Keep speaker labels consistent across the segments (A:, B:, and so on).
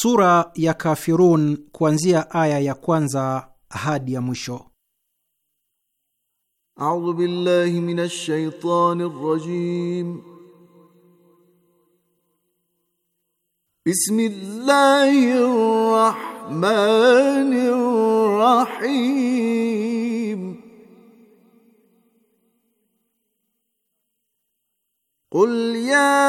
A: Sura ya Kafirun kuanzia aya ya kwanza hadi ya mwisho.
B: A'udhu billahi minash shaitani rajim. Bismillahir rahmanir rahim. Qul ya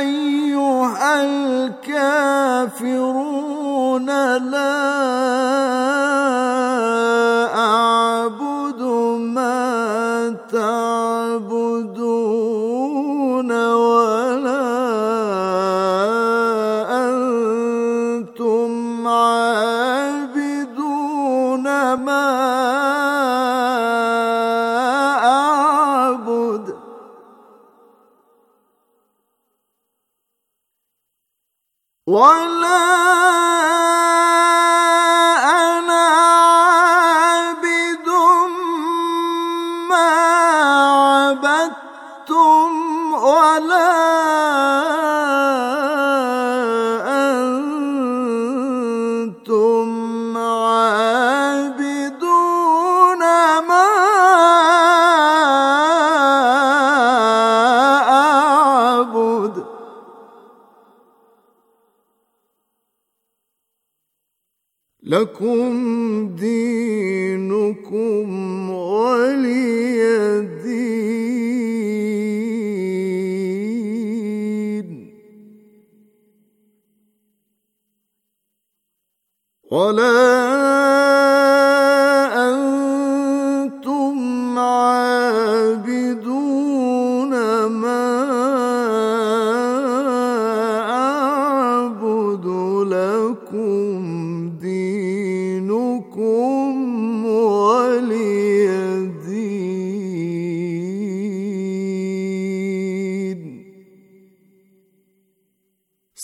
B: ayy ايها الكافرون لا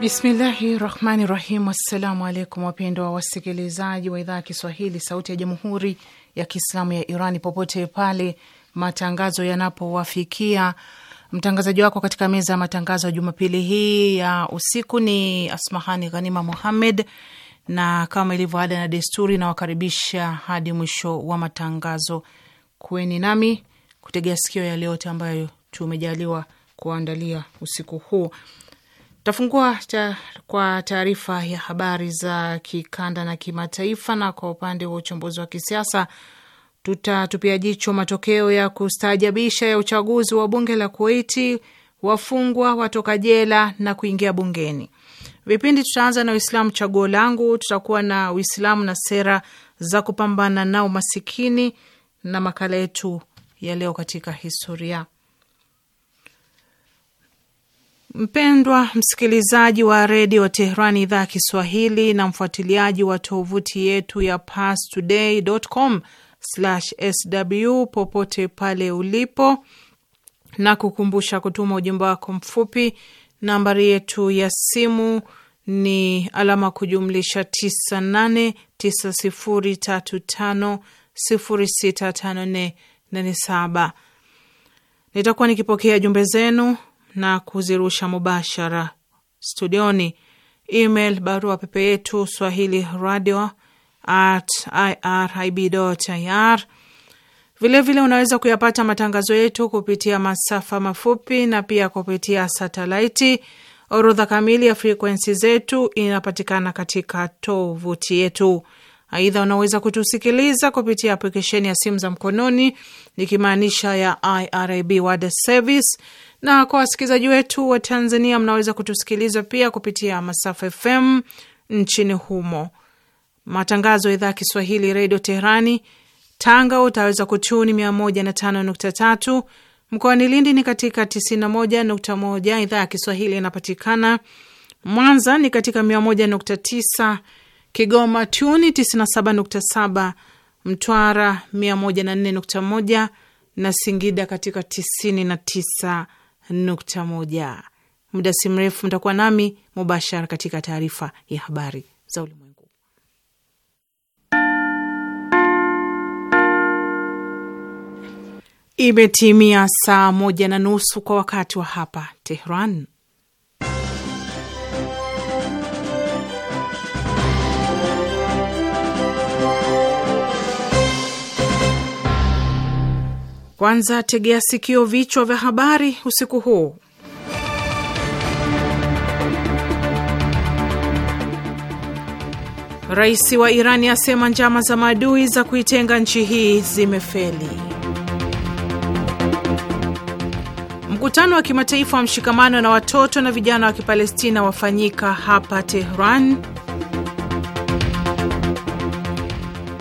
C: Bismillahi rahmani rahim. Assalamu alaikum wapendwa wasikilizaji wa idhaa ya Kiswahili sauti ya jamhuri ya kiislamu ya Irani, popote pale matangazo yanapowafikia. Mtangazaji wako katika meza ya matangazo ya Jumapili hii ya usiku ni Asmahani Ghanima Muhammed, na kama ilivyo ada na desturi, nawakaribisha hadi mwisho wa matangazo. Kuweni nami kutegea sikio yale yote ambayo tumejaliwa kuandalia usiku huu. Tafungua ta, kwa taarifa ya habari za kikanda na kimataifa, na kwa upande wa uchambuzi wa kisiasa tutatupia jicho matokeo ya kustaajabisha ya uchaguzi wa bunge la Kuwaiti, wafungwa watoka jela na kuingia bungeni. Vipindi tutaanza na Uislamu chaguo langu, tutakuwa na Uislamu na sera za kupambana na umasikini na makala yetu ya leo katika historia. Mpendwa msikilizaji wa redio wa Teherani, idhaa ya Kiswahili, na mfuatiliaji wa tovuti yetu ya pastoday.com/sw, popote pale ulipo, na kukumbusha kutuma ujumbe wako mfupi. Nambari yetu ya simu ni alama kujumlisha 989035065487. Nitakuwa nikipokea jumbe zenu na kuzirusha mubashara studioni. Email barua pepe yetu swahili radio at irib ir. Vilevile unaweza kuyapata matangazo yetu kupitia masafa mafupi na pia kupitia satelaiti. Orodha kamili ya frekwensi zetu inapatikana katika tovuti yetu. Aidha, unaweza kutusikiliza kupitia aplikesheni ya simu za mkononi, nikimaanisha ya IRIB World Service, na kwa wasikilizaji wetu wa Tanzania, mnaweza kutusikiliza pia kupitia masafa FM nchini humo. Matangazo ya idhaa ya Kiswahili Redio Teherani Tanga utaweza kutuni 105.3, mkoani Lindi ni katika 91.1. Idhaa ya Kiswahili inapatikana Mwanza ni katika 101.9, Kigoma tuni 97.7, Mtwara 104.1 na Singida katika 99 nukta moja. Muda si mrefu mtakuwa nami mubashara katika taarifa ya habari za ulimwengu. Imetimia saa moja na nusu kwa wakati wa hapa Tehran Kwanza tegea sikio vichwa vya habari usiku huu. Rais wa Irani asema njama za maadui za kuitenga nchi hii zimefeli. Mkutano wa kimataifa wa mshikamano na watoto na vijana wa Kipalestina wafanyika hapa Tehran.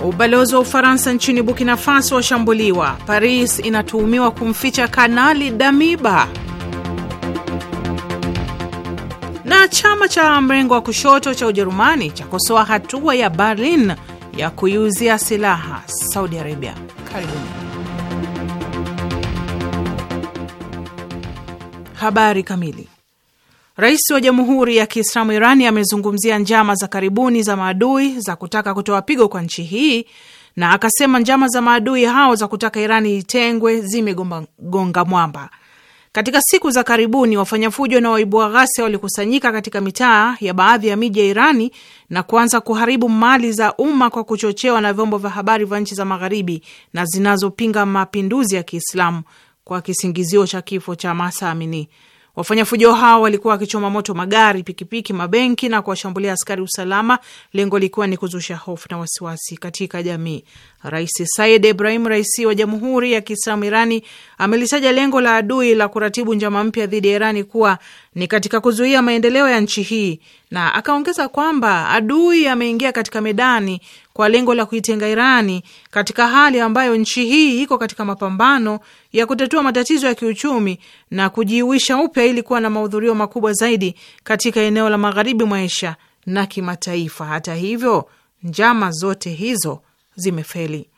C: Ubalozi wa Ufaransa nchini Burkina Faso washambuliwa. Paris inatuhumiwa kumficha Kanali Damiba. Na chama cha mrengo wa kushoto cha Ujerumani chakosoa hatua ya Berlin ya kuiuzia silaha Saudi Arabia. Karibuni habari kamili. Rais wa Jamhuri ya Kiislamu Irani amezungumzia njama za karibuni za maadui za kutaka kutoa pigo kwa nchi hii na akasema njama za maadui hao za kutaka Irani itengwe zimegonga mwamba. Katika siku za karibuni wafanya fujo na waibua ghasia walikusanyika katika mitaa ya baadhi ya miji ya Irani na kuanza kuharibu mali za umma kwa kuchochewa na vyombo vya habari vya nchi za Magharibi na zinazopinga mapinduzi ya Kiislamu kwa kisingizio cha kifo cha Masa Amini. Wafanya fujo hao walikuwa wakichoma moto magari, pikipiki, mabenki na kuwashambulia askari usalama, lengo likiwa ni kuzusha hofu na wasiwasi katika jamii. Rais Said Ibrahim Raisi wa Jamhuri ya Kiislamu Irani amelitaja lengo la adui la kuratibu njama mpya dhidi ya Irani kuwa ni katika kuzuia maendeleo ya nchi hii, na akaongeza kwamba adui ameingia katika medani kwa lengo la kuitenga Irani katika hali ambayo nchi hii iko katika mapambano ya kutatua matatizo ya kiuchumi na kujiuisha upya ili kuwa na mahudhurio makubwa zaidi katika eneo la magharibi mwa Asia na kimataifa. Hata hivyo, njama zote hizo zimefeli.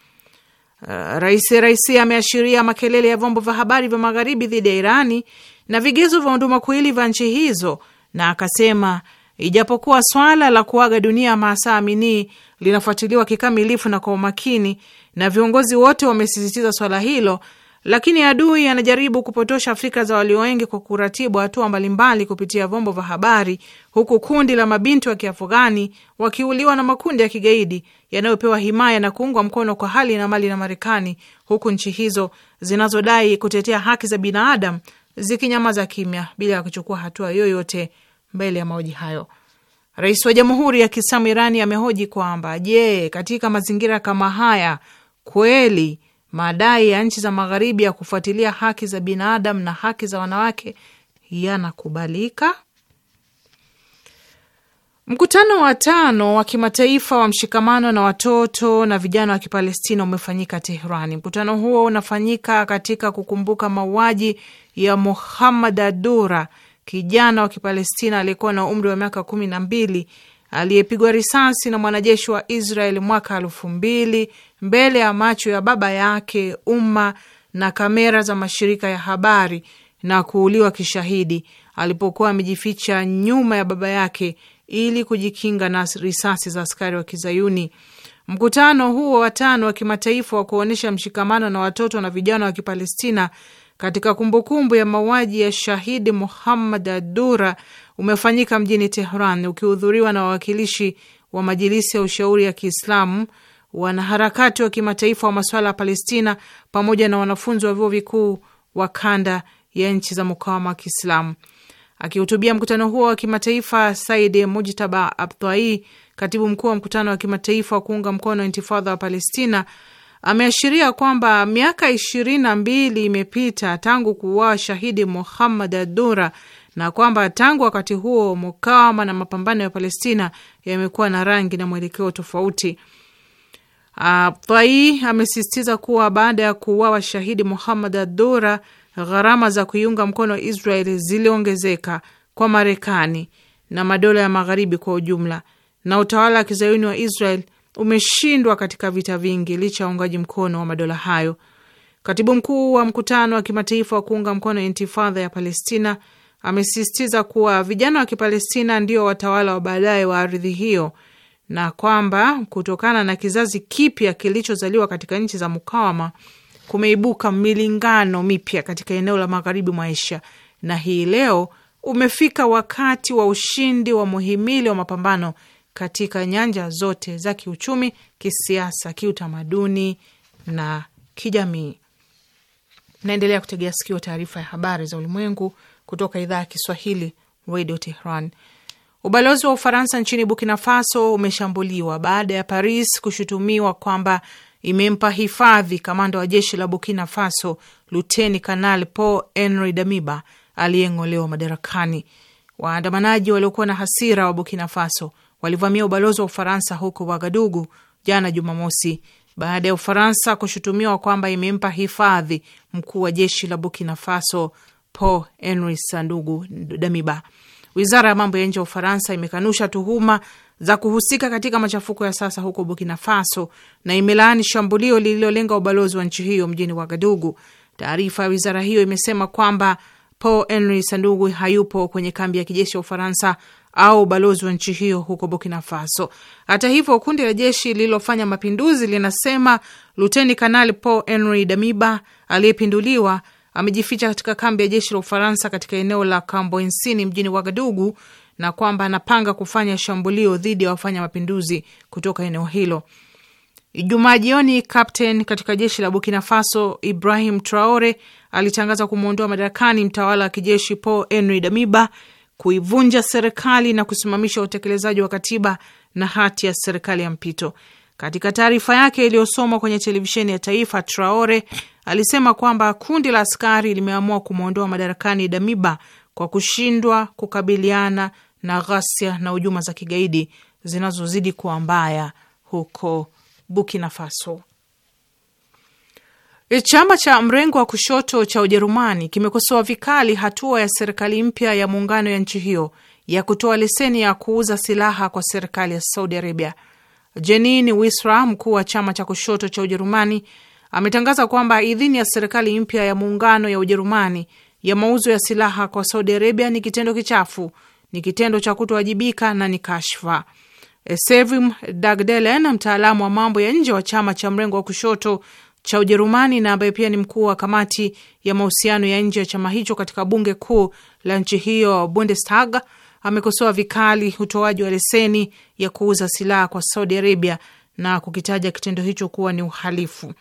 C: Uh, rais Raisi ameashiria makelele ya vyombo vya habari vya magharibi dhidi ya Irani na vigezo vya unduma kuili vya nchi hizo na akasema Ijapokuwa swala la kuaga dunia Maasa Amini linafuatiliwa kikamilifu na kwa umakini na viongozi wote wamesisitiza swala hilo, lakini adui anajaribu kupotosha Afrika za walio wengi kwa kuratibu hatua mbalimbali kupitia vyombo vya habari, huku kundi la mabinti wa Kiafghani wakiuliwa na makundi ya kigaidi yanayopewa himaya na kuungwa mkono kwa hali na mali na Marekani, huku nchi hizo zinazodai kutetea haki za binadamu zikinyamaza kimya bila ya kuchukua hatua yoyote mbele ya mahoji hayo, rais wa Jamhuri ya Kiislamu Irani amehoji kwamba je, katika mazingira kama haya kweli madai ya nchi za Magharibi ya kufuatilia haki za binadamu na haki za wanawake yanakubalika? Mkutano wa tano wa kimataifa wa mshikamano na watoto na vijana wa Kipalestina umefanyika Teherani. Mkutano huo unafanyika katika kukumbuka mauaji ya Muhammad Adura, kijana wa Kipalestina aliyekuwa na umri wa miaka kumi na mbili aliyepigwa risasi na mwanajeshi wa Israel mwaka elfu mbili mbele ya macho ya baba yake, umma na kamera za mashirika ya habari na kuuliwa kishahidi alipokuwa amejificha nyuma ya baba yake ili kujikinga na risasi za askari wa Kizayuni. Mkutano huo wa tano wa kimataifa wa kuonyesha mshikamano na watoto na vijana wa Kipalestina katika kumbukumbu ya mauaji ya shahidi Muhammad Adura umefanyika mjini Tehran ukihudhuriwa na wawakilishi wa majilisi ya ushauri ya Kiislamu, wanaharakati wa kimataifa wa masuala ya Palestina, pamoja na wanafunzi wa vyuo vikuu wa kanda ya nchi za mukawama wa Kiislamu. Akihutubia mkutano huo wa kimataifa, Said Mujtaba Abtai, katibu mkuu wa mkutano wa kimataifa wa kuunga mkono intifadha wa Palestina, ameashiria kwamba miaka ishirini na mbili imepita tangu kuuawa shahidi Muhammad Adura na kwamba tangu wakati huo mukawama na mapambano ya Palestina yamekuwa na rangi na mwelekeo tofauti. Atai ah, amesisitiza kuwa baada ya kuuawa shahidi Muhammad Adura, gharama za kuiunga mkono Israel ziliongezeka kwa Marekani na madola ya Magharibi kwa ujumla, na utawala wa kizayuni wa Israel umeshindwa katika vita vingi licha ya uungaji mkono wa madola hayo. Katibu mkuu wa mkutano wa kimataifa wa kuunga mkono intifadha ya Palestina amesisitiza kuwa vijana wa Kipalestina ndio watawala wa baadaye wa ardhi hiyo na kwamba kutokana na kizazi kipya kilichozaliwa katika nchi za mukawama kumeibuka milingano mipya katika eneo la magharibi mwa Asia, na hii leo umefika wakati wa ushindi wa muhimili wa mapambano katika nyanja zote za kiuchumi, kisiasa, kiutamaduni na kijamii. Naendelea kutegea sikio taarifa ya habari za ulimwengu kutoka idhaa ya Kiswahili Radio Tehran. Ubalozi wa Ufaransa nchini Burkina Faso umeshambuliwa baada ya Paris kushutumiwa kwamba imempa hifadhi kamanda wa jeshi la Burkina Faso Luteni Kanal Paul henry Damiba aliyeng'olewa madarakani. Waandamanaji waliokuwa na hasira wa Burkina Faso walivamia ubalozi wa Ufaransa huko Wagadugu jana Jumamosi baada ya Ufaransa kushutumiwa kwamba imempa hifadhi mkuu wa jeshi la Burkina Faso Paul Henri Sandugu Damiba. Wizara ya mambo ya nje ya Ufaransa imekanusha tuhuma za kuhusika katika machafuko ya sasa huko Burkina Faso na imelaani shambulio lililolenga ubalozi wa nchi hiyo mjini Wagadugu. Taarifa ya wizara hiyo imesema kwamba Paul Henri Sandugu hayupo kwenye kambi ya kijeshi ya Ufaransa au balozi wa nchi hiyo huko Burkina Faso. Hata hivyo, kundi la jeshi lililofanya mapinduzi linasema Luteni Kanali Paul Henry Damiba aliyepinduliwa amejificha katika kambi ya jeshi la Ufaransa katika eneo la Kamboensini mjini Wagadugu na kwamba anapanga kufanya shambulio dhidi ya wafanya mapinduzi kutoka eneo hilo. Ijumaa jioni, kapteni katika jeshi la Burkina Faso Ibrahim Traore alitangaza kumwondoa madarakani mtawala wa kijeshi Paul Henry Damiba kuivunja serikali na kusimamisha utekelezaji wa katiba na hati ya serikali ya mpito. Katika taarifa yake iliyosomwa kwenye televisheni ya taifa, Traore alisema kwamba kundi la askari limeamua kumwondoa madarakani Damiba kwa kushindwa kukabiliana na ghasia na hujuma za kigaidi zinazozidi kuwa mbaya huko Burkina Faso. E, chama cha mrengo wa kushoto cha Ujerumani kimekosoa vikali hatua ya serikali mpya ya muungano ya nchi hiyo ya kutoa leseni ya kuuza silaha kwa serikali ya Saudi Arabia. Jenin Wisra, mkuu wa chama cha kushoto cha Ujerumani, ametangaza kwamba idhini ya serikali mpya ya muungano ya Ujerumani ya mauzo ya silaha kwa Saudi Arabia ni kitendo kichafu, ni kitendo cha kutowajibika na ni kashfa. E, Sevim Dagdelen, mtaalamu wa mambo ya nje wa chama cha mrengo wa kushoto cha Ujerumani na ambaye pia ni mkuu wa kamati ya mahusiano ya nje ya chama hicho katika bunge kuu la nchi hiyo Bundestag, amekosoa vikali utoaji wa leseni ya kuuza silaha kwa Saudi Arabia na kukitaja kitendo hicho kuwa ni uhalifu.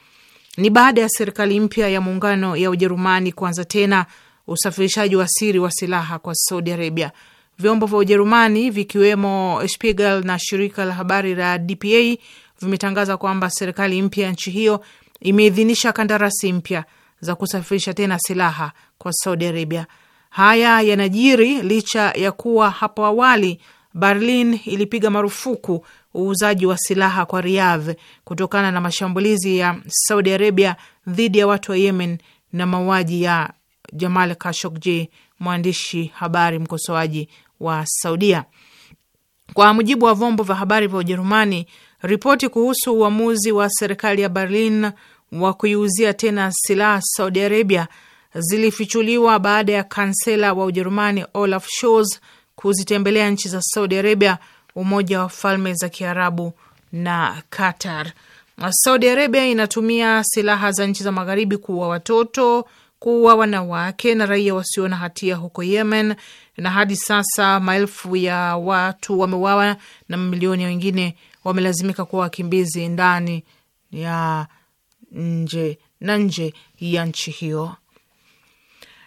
C: Ni baada ya serikali mpya ya muungano ya Ujerumani kuanza tena usafirishaji wa siri wa silaha kwa Saudi Arabia. Vyombo vya Ujerumani vikiwemo Spiegel na shirika la habari la DPA vimetangaza kwamba serikali mpya ya nchi hiyo imeidhinisha kandarasi mpya za kusafirisha tena silaha kwa Saudi Arabia. Haya yanajiri licha ya kuwa hapo awali Berlin ilipiga marufuku uuzaji wa silaha kwa Riyadh kutokana na mashambulizi ya Saudi Arabia dhidi ya watu wa Yemen na mauaji ya Jamal Khashoggi, mwandishi habari mkosoaji wa Saudia. Kwa mujibu wa vyombo vya habari vya Ujerumani, Ripoti kuhusu uamuzi wa serikali ya Berlin wa kuiuzia tena silaha Saudi Arabia zilifichuliwa baada ya kansela wa Ujerumani Olaf Scholz kuzitembelea nchi za Saudi Arabia, Umoja wa Falme za Kiarabu na Qatar. Saudi Arabia inatumia silaha za nchi za magharibi kuua watoto, kuua wanawake na raia wasio na hatia huko Yemen, na hadi sasa maelfu ya watu wameuawa na mamilioni wengine wamelazimika kuwa wakimbizi ndani ya nje na nje ya nchi hiyo.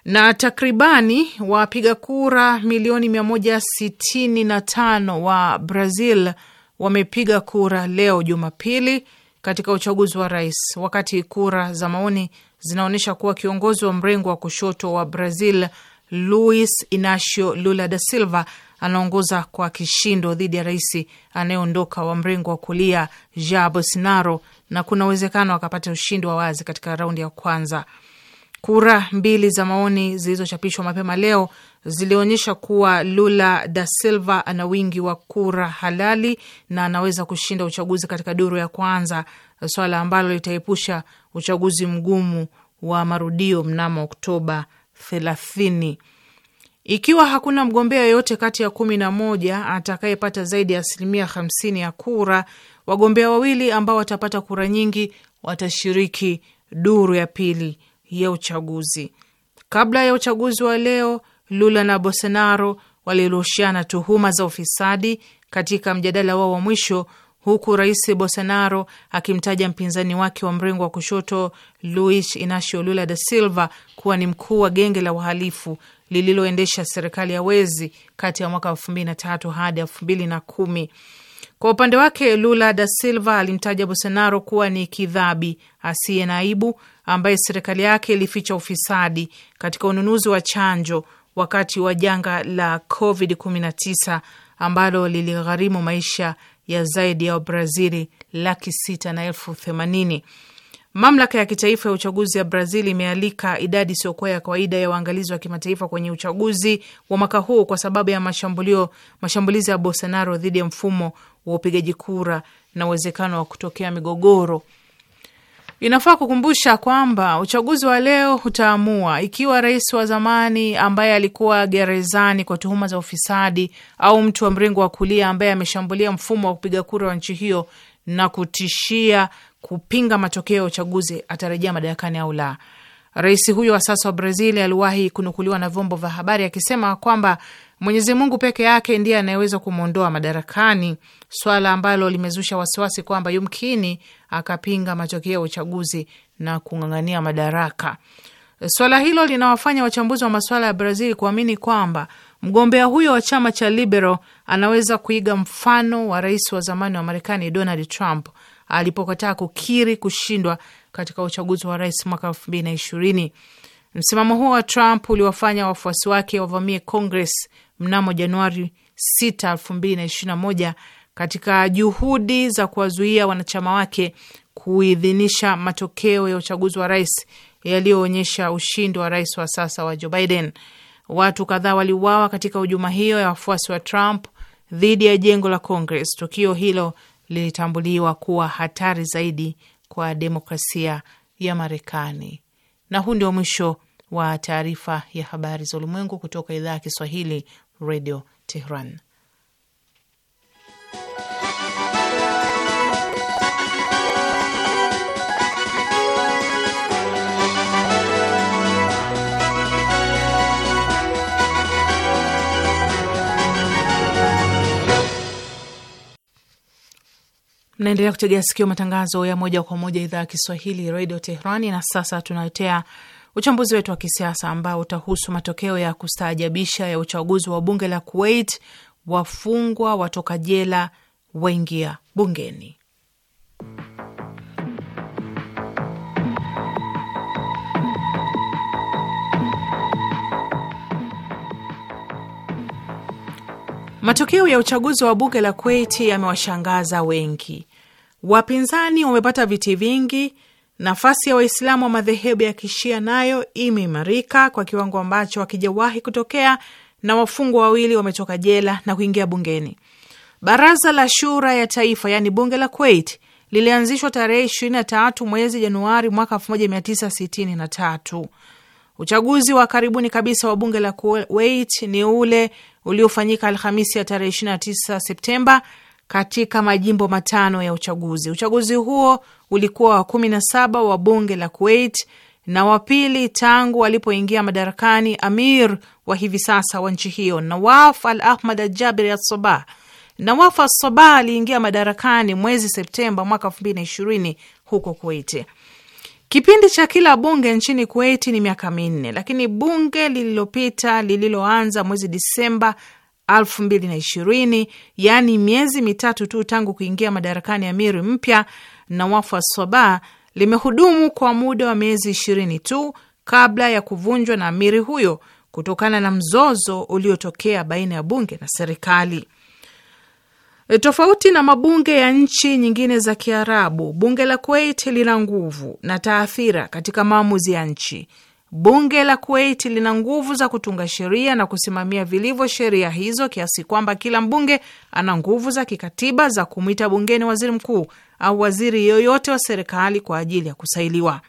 C: Na takribani wapiga kura milioni mia moja sitini na tano wa Brazil wamepiga kura leo Jumapili katika uchaguzi wa rais, wakati kura za maoni zinaonyesha kuwa kiongozi wa mrengo wa kushoto wa Brazil Luis Inacio Lula da Silva anaongoza kwa kishindo dhidi ya rais anayeondoka wa mrengo wa kulia Jair Bolsonaro, na kuna uwezekano akapata ushindi wa wazi katika raundi ya kwanza. Kura mbili za maoni zilizochapishwa mapema leo zilionyesha kuwa Lula da Silva ana wingi wa kura halali na anaweza kushinda uchaguzi katika duru ya kwanza, swala ambalo litaepusha uchaguzi mgumu wa marudio mnamo Oktoba thelathini. Ikiwa hakuna mgombea yoyote kati ya kumi na moja atakayepata zaidi ya asilimia hamsini ya kura, wagombea wawili ambao watapata kura nyingi watashiriki duru ya pili ya uchaguzi. Kabla ya uchaguzi wa leo, Lula na Bolsonaro walirushiana tuhuma za ufisadi katika mjadala wao wa mwisho, huku rais Bolsonaro akimtaja mpinzani wake wa mrengo wa kushoto Luis Inacio Lula da Silva kuwa ni mkuu wa genge la uhalifu lililoendesha serikali ya Wezi kati ya mwaka elfu mbili na tatu hadi elfu mbili na kumi. Kwa upande wake Lula da Silva alimtaja Bolsonaro kuwa ni kidhabi asiye na aibu ambaye serikali yake ilificha ufisadi katika ununuzi wa chanjo wakati wa janga la COVID-19 ambalo liligharimu maisha ya zaidi ya Wabrazili laki sita na elfu themanini. Mamlaka ya kitaifa ya uchaguzi ya Brazil imealika idadi isiyokuwa ya kawaida ya waangalizi wa kimataifa kwenye uchaguzi wa mwaka huu kwa sababu ya mashambulio, mashambulizi ya Bolsonaro dhidi ya mfumo wa upigaji kura na uwezekano wa kutokea migogoro. Inafaa kukumbusha kwamba uchaguzi wa leo utaamua ikiwa rais wa zamani ambaye alikuwa gerezani kwa tuhuma za ufisadi au mtu wa mrengo wa kulia ambaye ameshambulia mfumo wa kupiga kura wa nchi hiyo na kutishia kupinga matokeo ya uchaguzi atarejea madarakani au la. Rais huyo wa sasa wa Brazil aliwahi kunukuliwa na vyombo vya habari akisema kwamba Mwenyezi Mungu peke yake ndiye anayeweza kumwondoa madarakani, swala ambalo limezusha wasiwasi kwamba yumkini akapinga matokeo ya uchaguzi na kung'ang'ania madaraka. Swala hilo linawafanya wachambuzi wa masuala ya Brazil kuamini kwamba mgombea huyo wa chama cha Liberal anaweza kuiga mfano wa rais wa zamani wa Marekani Donald Trump alipokataa kukiri kushindwa katika uchaguzi wa rais mwaka elfu mbili na ishirini. Msimamo huo wa Trump uliwafanya wafuasi wake wavamie Congress mnamo Januari 6, 2021 katika juhudi za kuwazuia wanachama wake kuidhinisha matokeo ya uchaguzi wa rais yaliyoonyesha ushindi wa rais wa sasa wa Joe Biden. Watu kadhaa waliuawa katika hujuma hiyo ya wafuasi wa Trump dhidi ya jengo la Congress. Tukio hilo lilitambuliwa kuwa hatari zaidi kwa demokrasia ya Marekani. Na huu ndio mwisho wa taarifa ya habari za ulimwengu kutoka idhaa ya Kiswahili, Radio Tehran. Mnaendelea kutegea sikio matangazo ya moja kwa moja idhaa ya Kiswahili redio Teherani. Na sasa tunaletea uchambuzi wetu wa kisiasa ambao utahusu matokeo ya kustaajabisha ya uchaguzi wa bunge la Kuwait. Wafungwa watoka jela waingia bungeni. Matokeo ya uchaguzi wa bunge la Kuwaiti yamewashangaza wengi. Wapinzani wamepata viti vingi. Nafasi ya Waislamu wa madhehebu ya Kishia nayo imeimarika kwa kiwango ambacho hakijawahi kutokea, na wafungwa wawili wametoka jela na kuingia bungeni. Baraza la Shura ya Taifa, yaani bunge la Kuwait, lilianzishwa tarehe 23 mwezi Januari mwaka 1963. Uchaguzi wa karibuni kabisa wa bunge la Kuwait ni ule uliofanyika Alhamisi ya tarehe 29 Septemba katika majimbo matano ya uchaguzi. Uchaguzi huo ulikuwa wa kumi na saba wa bunge la Kuwait na wa pili tangu alipoingia madarakani amir wa hivi sasa wa nchi hiyo Nawaf al Ahmad al Jabiri al Sabah. Nawaf al Sabah aliingia madarakani mwezi Septemba mwaka elfu mbili na ishirini huko Kuwait. Kipindi cha kila bunge nchini Kuwait ni miaka minne, lakini bunge lililopita lililoanza mwezi Disemba 2020 yaani miezi mitatu tu tangu kuingia madarakani amiri mpya wa Soba limehudumu kwa muda wa miezi ishirini tu kabla ya kuvunjwa na amiri huyo kutokana na mzozo uliotokea baina ya bunge na serikali. E, tofauti na mabunge ya nchi nyingine za Kiarabu, bunge la Kuwait lina nguvu na taathira katika maamuzi ya nchi. Bunge la Kuwait lina nguvu za kutunga sheria na kusimamia vilivyo sheria hizo, kiasi kwamba kila mbunge ana nguvu za kikatiba za kumwita bungeni waziri mkuu au waziri yoyote wa serikali kwa ajili ya kusailiwa.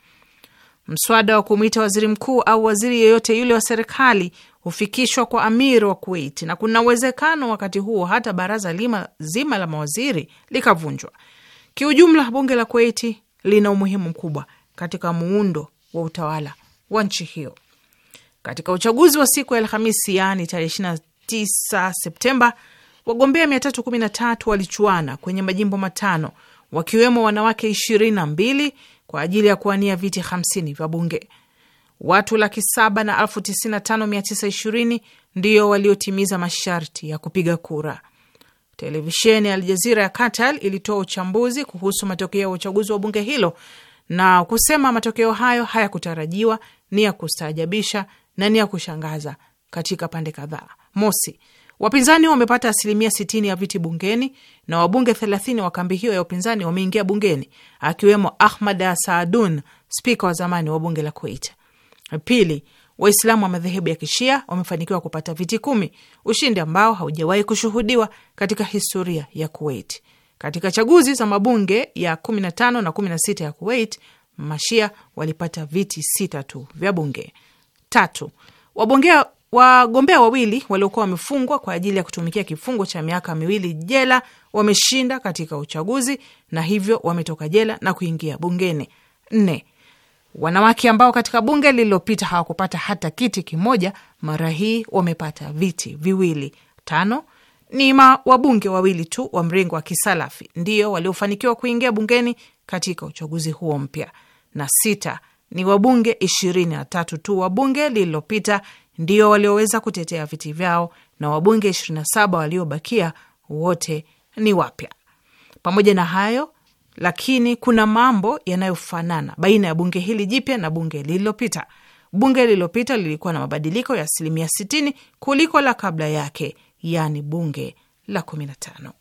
C: Mswada wa kumwita waziri mkuu au waziri yoyote yule wa serikali hufikishwa kwa amiri wa Kuwait, na kuna uwezekano wakati huo hata baraza lima zima la mawaziri likavunjwa. Kiujumla, bunge la Kuwaiti lina umuhimu mkubwa katika muundo wa utawala wa nchi hiyo. Katika uchaguzi wa siku ya Alhamisi, yaani tarehe 29 Septemba, wagombea 313 walichuana kwenye majimbo matano, wakiwemo wanawake 22 kwa ajili ya kuwania viti 50 vya bunge watu laki saba na elfu tisini na tano mia tisa ishirini ndiyo waliotimiza masharti ya kupiga kura. Televisheni ya Aljazira ya Katal ilitoa uchambuzi kuhusu matokeo ya uchaguzi wa bunge hilo na kusema matokeo hayo hayakutarajiwa, ni ya kustaajabisha na ni ya kushangaza katika pande kadhaa. Mosi, wapinzani wamepata asilimia 60 ya viti bungeni na wabunge 3 wa kambi hiyo ya upinzani wameingia bungeni, akiwemo Ahmad Saadun, spika wa zamani wa bunge la Kuwait. Pili, Waislamu wa madhehebu ya kishia wamefanikiwa kupata viti kumi, ushindi ambao haujawahi kushuhudiwa katika historia ya Kuwait. Katika chaguzi za mabunge ya 15 na 16 ya Kuwait, mashia walipata viti sita tu vya bunge. Tatu, wabongea wagombea wawili waliokuwa wamefungwa kwa ajili ya kutumikia kifungo cha miaka miwili jela wameshinda katika uchaguzi na hivyo wametoka jela na kuingia bungeni. Nne, Wanawake ambao katika bunge lililopita hawakupata hata kiti kimoja, mara hii wamepata viti viwili. Tano ni ma wabunge wawili tu wa mrengo wa kisalafi ndio waliofanikiwa kuingia bungeni katika uchaguzi huo mpya, na sita ni wabunge ishirini na tatu tu wa bunge lililopita ndio walioweza kutetea viti vyao, na wabunge saba waliobakia wote ni wapya. Pamoja na hayo lakini kuna mambo yanayofanana baina ya bunge hili jipya na bunge lililopita. Bunge lililopita lilikuwa na mabadiliko ya asilimia 60 kuliko la kabla yake, yaani bunge la kumi na tano.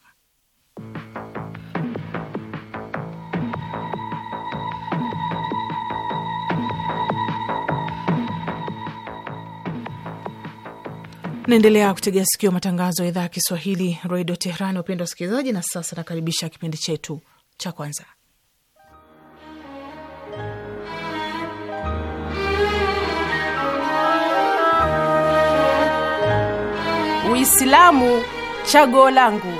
C: Naendelea kutegea sikio matangazo ya idhaa ya Kiswahili, redio Teherani, wa wasikilizaji. Na sasa nakaribisha kipindi chetu cha kwanza. Uislamu chaguo langu.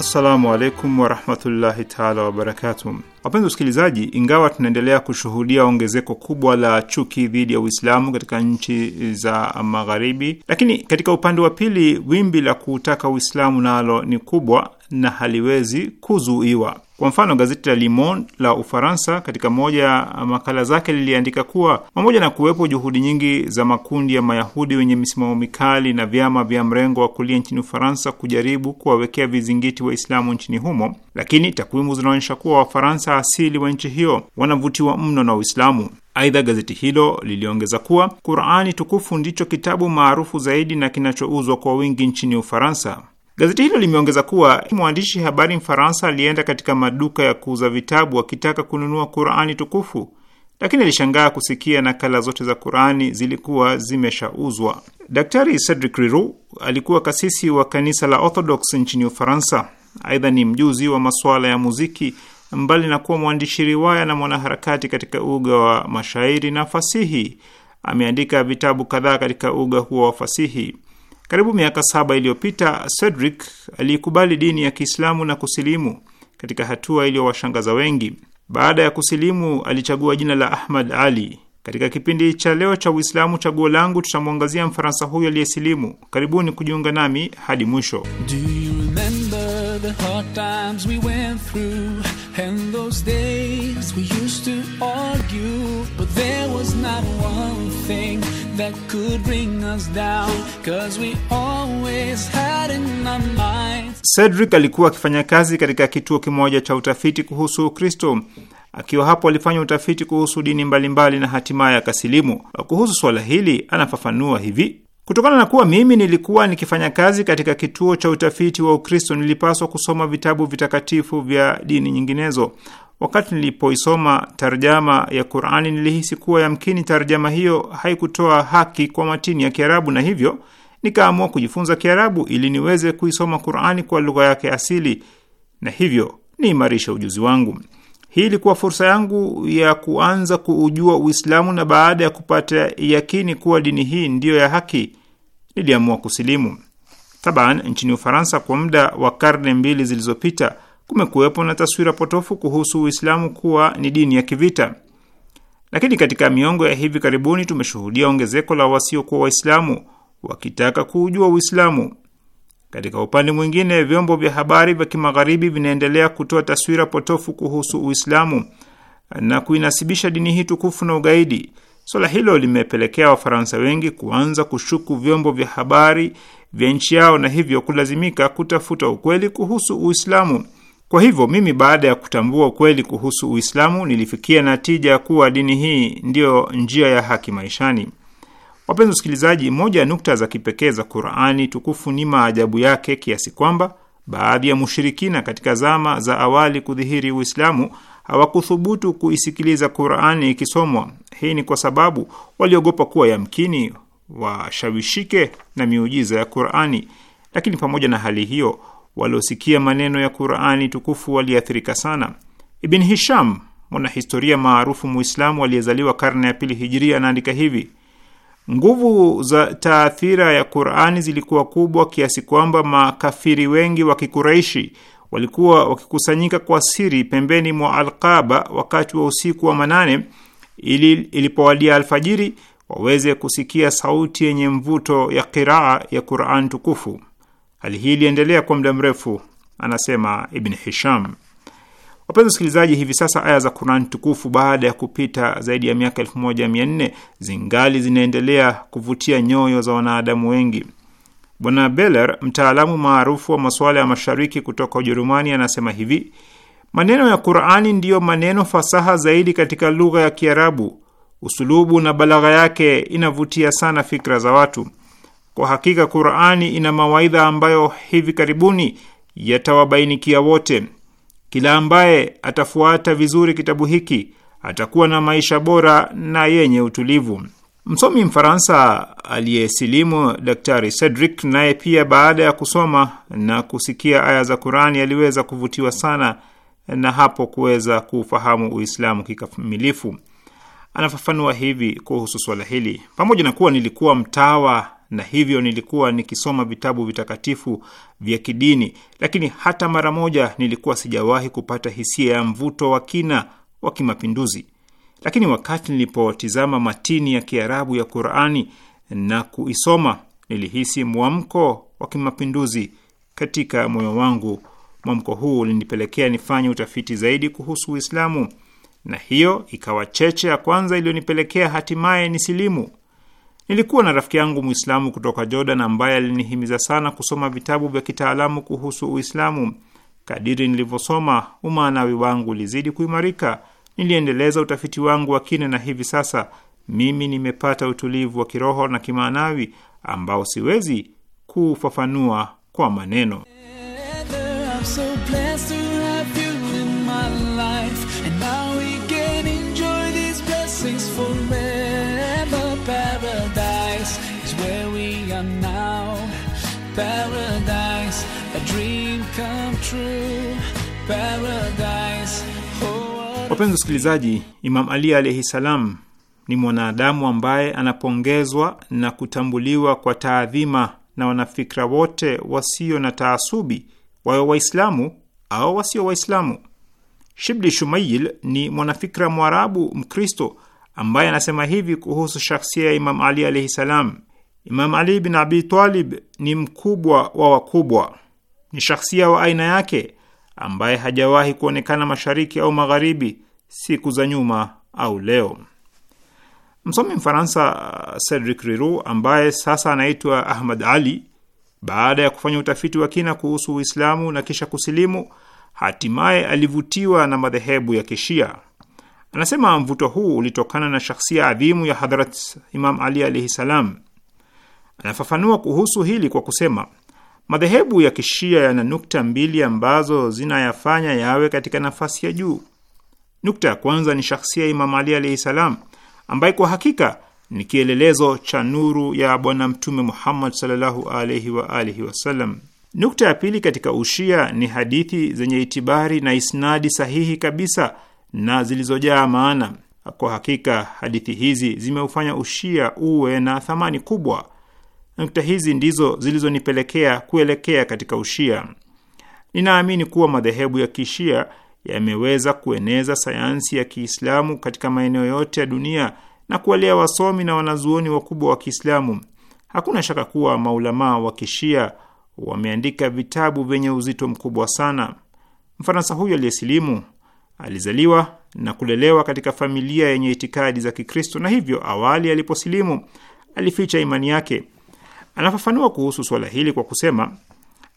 A: Assalamu alaikum warahmatullahi taala wabarakatu. Wapenzi wasikilizaji, ingawa tunaendelea kushuhudia ongezeko kubwa la chuki dhidi ya Uislamu katika nchi za Magharibi, lakini katika upande wa pili, wimbi la kuutaka Uislamu nalo ni kubwa na haliwezi kuzuiwa. Kwa mfano, gazeti la Le Monde la Ufaransa katika moja ya makala zake liliandika kuwa pamoja na kuwepo juhudi nyingi za makundi ya Mayahudi wenye misimamo mikali na vyama vya mrengo wa kulia nchini Ufaransa kujaribu kuwawekea vizingiti Waislamu nchini humo, lakini takwimu zinaonyesha kuwa Wafaransa asili wa nchi hiyo wanavutiwa mno na Uislamu. Aidha, gazeti hilo liliongeza kuwa Qurani tukufu ndicho kitabu maarufu zaidi na kinachouzwa kwa wingi nchini Ufaransa. Gazeti hilo limeongeza kuwa mwandishi habari Mfaransa alienda katika maduka ya kuuza vitabu akitaka kununua Qurani tukufu lakini alishangaa kusikia nakala zote za Qurani zilikuwa zimeshauzwa. Daktari Cedric Riro alikuwa kasisi wa kanisa la Orthodox nchini Ufaransa. Aidha ni mjuzi wa masuala ya muziki, mbali na kuwa mwandishi riwaya na mwanaharakati katika uga wa mashairi na fasihi. Ameandika vitabu kadhaa katika uga huo wa fasihi. Karibu miaka saba iliyopita, Cedric aliikubali dini ya Kiislamu na kusilimu katika hatua iliyowashangaza wengi. Baada ya kusilimu, alichagua jina la Ahmad Ali. Katika kipindi cha leo cha Uislamu Chaguo Langu, tutamwangazia Mfaransa huyo aliyesilimu. Karibuni kujiunga nami hadi mwisho
D: that could bring us down cause we always had in our minds.
A: Cedric alikuwa akifanya kazi katika kituo kimoja cha utafiti kuhusu Ukristo. Akiwa hapo alifanya utafiti kuhusu dini mbalimbali mbali na hatimaye akasilimu. Kuhusu swala hili anafafanua hivi: Kutokana na kuwa mimi nilikuwa nikifanya kazi katika kituo cha utafiti wa Ukristo, nilipaswa kusoma vitabu vitakatifu vya dini nyinginezo. Wakati nilipoisoma tarjama ya Qur'ani, nilihisi kuwa yamkini tarjama hiyo haikutoa haki kwa matini ya Kiarabu, na hivyo nikaamua kujifunza Kiarabu ili niweze kuisoma Qur'ani kwa lugha yake asili na hivyo niimarishe ujuzi wangu. Hii ilikuwa fursa yangu ya kuanza kuujua Uislamu, na baada ya kupata yakini kuwa dini hii ndiyo ya haki, niliamua kusilimu. Taban, nchini Ufaransa kwa muda wa karne mbili zilizopita kumekuwepo na taswira potofu kuhusu Uislamu kuwa ni dini ya kivita. Lakini katika miongo ya hivi karibuni tumeshuhudia ongezeko la wasiokuwa Waislamu wakitaka kuujua Uislamu. Katika upande mwingine, vyombo vya habari vya kimagharibi vinaendelea kutoa taswira potofu kuhusu Uislamu na kuinasibisha dini hii tukufu na ugaidi. Swala hilo limepelekea Wafaransa wengi kuanza kushuku vyombo vya habari vya nchi yao na hivyo kulazimika kutafuta ukweli kuhusu Uislamu. Kwa hivyo mimi, baada ya kutambua ukweli kuhusu Uislamu, nilifikia natija kuwa dini hii ndiyo njia ya haki maishani. Wapenzi wasikilizaji, moja ya nukta za kipekee za Qur'ani tukufu ni maajabu yake kiasi kwamba baadhi ya mushirikina katika zama za awali kudhihiri Uislamu hawakuthubutu kuisikiliza Qur'ani ikisomwa. Hii ni kwa sababu waliogopa kuwa yamkini washawishike na miujiza ya Qur'ani. Lakini pamoja na hali hiyo waliosikia maneno ya Qurani tukufu waliathirika sana. Ibn Hisham, mwanahistoria maarufu Muislamu aliyezaliwa karne ya pili Hijiria, anaandika hivi: nguvu za taathira ya Qurani zilikuwa kubwa kiasi kwamba makafiri wengi wa Kikuraishi walikuwa wakikusanyika kwa siri pembeni mwa Alqaba wakati wa usiku wa manane ili ilipowadia alfajiri waweze kusikia sauti yenye mvuto ya qiraa ya Quran tukufu. Hali hii iliendelea kwa muda mrefu, anasema Ibn Hisham. Wapenzi wasikilizaji, hivi sasa aya za Quran tukufu baada ya kupita zaidi ya miaka nne zingali zinaendelea kuvutia nyoyo za wanadamu wengi. Bwana Beller, mtaalamu maarufu wa masuala ya mashariki kutoka Ujerumani, anasema hivi: maneno ya Qurani ndiyo maneno fasaha zaidi katika lugha ya Kiarabu. Usulubu na balagha yake inavutia sana fikra za watu. Kwa hakika Qurani ina mawaidha ambayo hivi karibuni yatawabainikia wote. Kila ambaye atafuata vizuri kitabu hiki atakuwa na maisha bora na yenye utulivu. Msomi Mfaransa aliyesilimu Daktari Cedric naye pia, baada ya kusoma na kusikia aya za Qurani, aliweza kuvutiwa sana na hapo kuweza kuufahamu Uislamu kikamilifu. Anafafanua hivi kuhusu swala hili: pamoja na kuwa nilikuwa mtawa na hivyo nilikuwa nikisoma vitabu vitakatifu vya kidini, lakini hata mara moja nilikuwa sijawahi kupata hisia ya mvuto wa kina wa kimapinduzi. Lakini wakati nilipotizama matini ya Kiarabu ya Qurani na kuisoma, nilihisi mwamko wa kimapinduzi katika moyo wangu. Mwamko huu ulinipelekea nifanye utafiti zaidi kuhusu Uislamu, na hiyo ikawa cheche ya kwanza iliyonipelekea hatimaye nisilimu. Nilikuwa na rafiki yangu Mwislamu kutoka Jordan ambaye alinihimiza sana kusoma vitabu vya kitaalamu kuhusu Uislamu. Kadiri nilivyosoma, umaanawi wangu ulizidi kuimarika. Niliendeleza utafiti wangu wa kina, na hivi sasa mimi nimepata utulivu wa kiroho na kimaanawi ambao siwezi kufafanua kwa maneno. Wapenzi wasikilizaji, Imam Ali alaihi salam ni mwanadamu ambaye anapongezwa na kutambuliwa kwa taadhima na wanafikra wote wasio na taasubi, wawe Waislamu au wasio Waislamu. Shibli Shumail ni mwanafikra Mwarabu Mkristo ambaye anasema hivi kuhusu shakhsia ya Imam Ali alaihi salam: Imam Ali bin Abi Talib ni mkubwa wa wakubwa ni shahsia wa aina yake ambaye hajawahi kuonekana mashariki au magharibi siku za nyuma au leo. Msomi Mfaransa uh, Cedric Riro ambaye sasa anaitwa Ahmad Ali, baada ya kufanya utafiti wa kina kuhusu Uislamu na kisha kusilimu, hatimaye alivutiwa na madhehebu ya Kishia. Anasema mvuto huu ulitokana na shahsia adhimu ya Hadhrat Imam Ali alaihi salam. Anafafanua kuhusu hili kwa kusema Madhehebu ya Kishia yana nukta mbili ambazo zinayafanya yawe katika nafasi ya juu. Nukta ya kwanza ni shakhsia Imam Ali alaihi salam, ambaye kwa hakika ni kielelezo cha nuru ya Bwana Mtume Muhammad sallallahu alaihi wa alihi wasallam. Nukta ya pili katika Ushia ni hadithi zenye itibari na isnadi sahihi kabisa na zilizojaa maana. Kwa hakika hadithi hizi zimeufanya Ushia uwe na thamani kubwa Nukta hizi ndizo zilizonipelekea kuelekea katika Ushia. Ninaamini kuwa madhehebu ya Kishia yameweza kueneza sayansi ya Kiislamu katika maeneo yote ya dunia na kuwalea wasomi na wanazuoni wakubwa wa Kiislamu. Hakuna shaka kuwa maulamaa wa Kishia wameandika vitabu vyenye uzito mkubwa sana. Mfaransa huyo aliyesilimu alizaliwa na kulelewa katika familia yenye itikadi za Kikristo na hivyo awali aliposilimu alificha imani yake. Anafafanua kuhusu suala hili kwa kusema,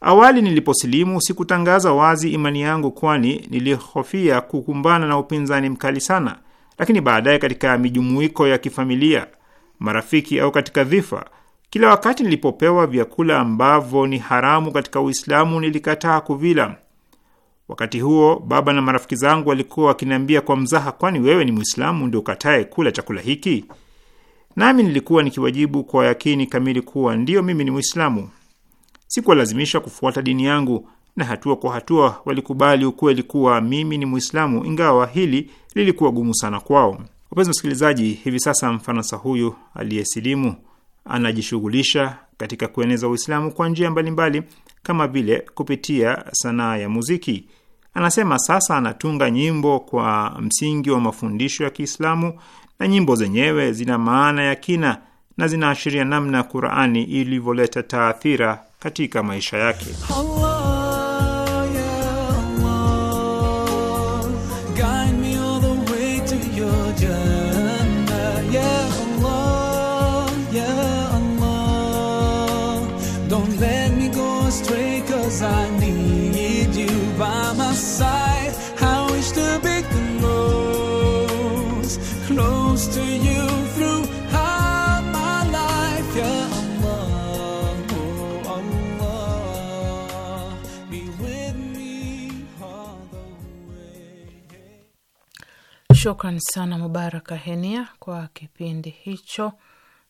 A: awali niliposilimu sikutangaza wazi imani yangu, kwani nilihofia kukumbana na upinzani mkali sana, lakini baadaye katika mijumuiko ya kifamilia, marafiki au katika dhifa kila wakati nilipopewa vyakula ambavyo ni haramu katika Uislamu nilikataa kuvila. Wakati huo baba na marafiki zangu walikuwa wakiniambia kwa mzaha, kwani wewe ni Mwislamu ndio ukatae kula chakula hiki? nami nilikuwa nikiwajibu kwa yakini kamili kuwa ndiyo, mimi ni Mwislamu. Sikuwalazimisha kufuata dini yangu, na hatua kwa hatua walikubali ukweli kuwa mimi ni Mwislamu, ingawa hili lilikuwa gumu sana kwao. Wapenzi msikilizaji, hivi sasa mfaransa huyu aliyesilimu anajishughulisha katika kueneza Uislamu kwa njia mbalimbali kama vile kupitia sanaa ya muziki. Anasema sasa anatunga nyimbo kwa msingi wa mafundisho ya Kiislamu na nyimbo zenyewe zina maana ya kina na zinaashiria namna Qurani ilivyoleta taathira katika maisha yake Allah.
D: Oh
C: Shukran sana Mubaraka Henia kwa kipindi hicho.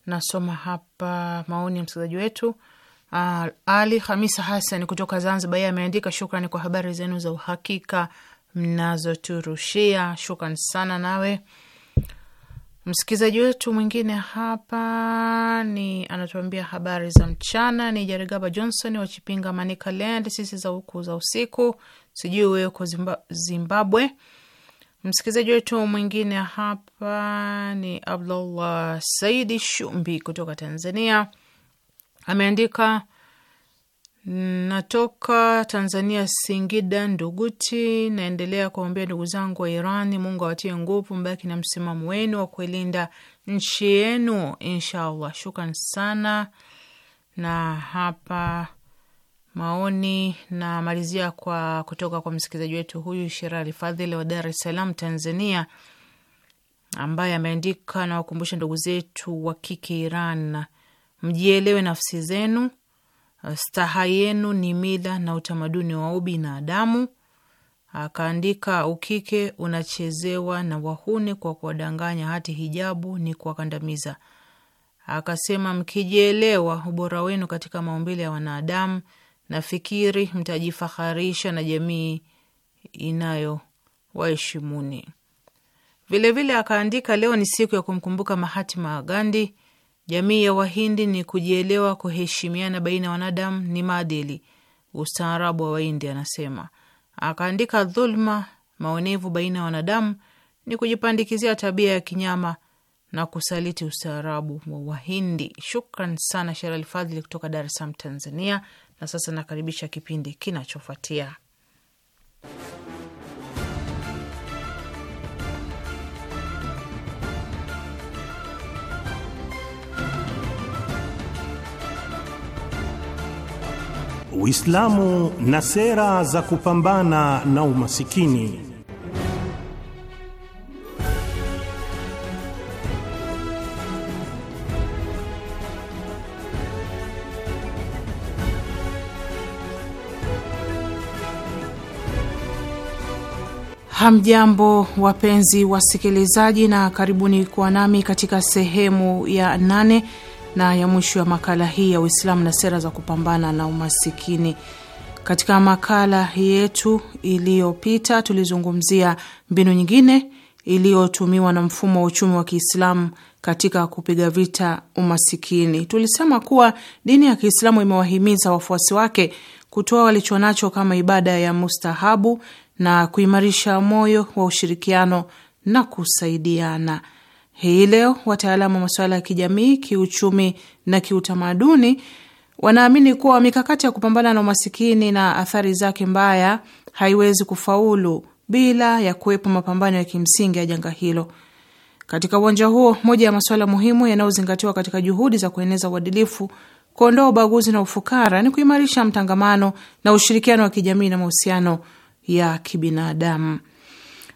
C: Nasoma hapa maoni ya msikilizaji wetu Ali Hamisa hasani kutoka Zanzibar. Yeye ameandika shukrani kwa habari zenu za uhakika mnazoturushia. Shukran sana nawe Msikilizaji wetu mwingine hapa ni anatuambia habari za mchana. Ni Jarigaba Johnson wa Chipinga, Manicaland. Sisi za huku za usiku, sijui wewe uko Zimbabwe. Msikilizaji wetu mwingine hapa ni Abdullah Saidi Shumbi kutoka Tanzania, ameandika Natoka Tanzania, Singida Nduguti. Naendelea kuwaombea ndugu zangu wa Irani, Mungu awatie nguvu, mbaki na msimamo wenu wa kuilinda nchi yenu inshallah. Shukran sana. Na hapa maoni na malizia kwa kutoka kwa msikilizaji wetu huyu Sherali Fadhili wa Dar es Salaam, Tanzania, ambaye ameandika na wakumbusha ndugu zetu wa kike Iran, mjielewe nafsi zenu Uh, staha yenu ni mila na utamaduni wa ubinadamu. Akaandika, ukike unachezewa na wahuni kwa kuwadanganya, hati hijabu ni kuwakandamiza. Akasema, mkijielewa ubora wenu katika maumbile ya wanadamu, nafikiri mtajifaharisha na jamii inayo waheshimuni Vilevile akaandika, leo ni siku ya kumkumbuka Mahatma Gandhi Jamii ya Wahindi ni kujielewa, kuheshimiana baina ya wanadamu ni maadili, ustaarabu wa Wahindi, anasema. Akaandika, dhuluma, maonevu baina ya wanadamu ni kujipandikizia tabia ya kinyama na kusaliti ustaarabu wa Wahindi. Shukran sana Sherali Fadhili kutoka Dar es Salaam, Tanzania. Na sasa nakaribisha kipindi kinachofuatia.
A: Uislamu na sera za kupambana na umasikini.
C: Hamjambo, wapenzi wasikilizaji, na karibuni kuwa nami katika sehemu ya nane na ya mwisho ya makala hii ya Uislamu na sera za kupambana na umasikini. Katika makala yetu iliyopita, tulizungumzia mbinu nyingine iliyotumiwa na mfumo wa uchumi wa Kiislamu katika kupiga vita umasikini. Tulisema kuwa dini ya Kiislamu imewahimiza wafuasi wake kutoa walichonacho kama ibada ya mustahabu na kuimarisha moyo wa ushirikiano na kusaidiana. Hii leo wataalamu wa masuala ya kijamii, kiuchumi na kiutamaduni wanaamini kuwa mikakati ya kupambana na umasikini na athari zake mbaya haiwezi kufaulu bila ya kuwepo mapambano ya kimsingi ya janga hilo. Katika uwanja huo, moja ya masuala muhimu yanayozingatiwa katika juhudi za kueneza uadilifu, kuondoa ubaguzi na ufukara ni kuimarisha mtangamano na ushirikiano wa kijamii na mahusiano ya kibinadamu.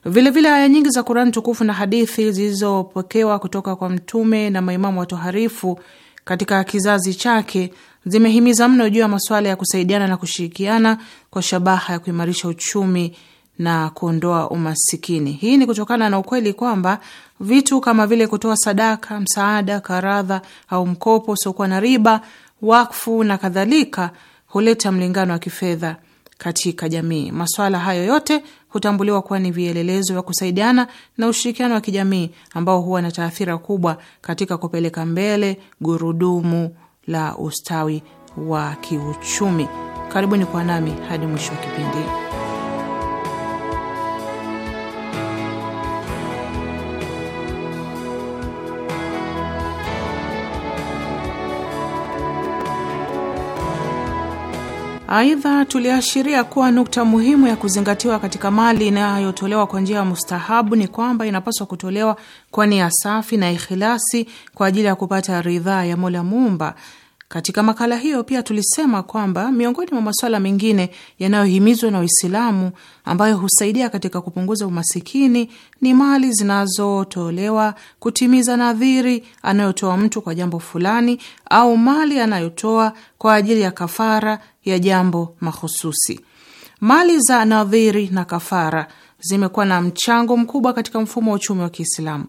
C: Vilevile aya nyingi za Kurani tukufu na hadithi zilizopokewa kutoka kwa Mtume na maimamu watoharifu katika kizazi chake zimehimiza mno juu ya masuala ya kusaidiana na kushirikiana kwa shabaha ya kuimarisha uchumi na kuondoa umasikini. Hii ni kutokana na ukweli kwamba vitu kama vile kutoa sadaka, msaada, karadha au mkopo usiokuwa na riba, wakfu na kadhalika huleta mlingano wa kifedha katika jamii. Maswala hayo yote hutambuliwa kuwa ni vielelezo vya kusaidiana na ushirikiano wa kijamii ambao huwa na taathira kubwa katika kupeleka mbele gurudumu la ustawi wa kiuchumi. Karibuni kwa nami hadi mwisho wa kipindi. Aidha, tuliashiria kuwa nukta muhimu ya kuzingatiwa katika mali inayotolewa kwa njia ya mustahabu ni kwamba inapaswa kutolewa kwa nia safi na ikhilasi kwa ajili ya kupata ridhaa ya Mola Muumba katika makala hiyo pia tulisema kwamba miongoni mwa masuala mengine yanayohimizwa na Uislamu ambayo husaidia katika kupunguza umasikini ni mali zinazotolewa kutimiza nadhiri anayotoa mtu kwa jambo fulani au mali anayotoa kwa ajili ya kafara ya jambo mahususi. Mali za nadhiri na kafara zimekuwa na mchango mkubwa katika mfumo wa uchumi wa Kiislamu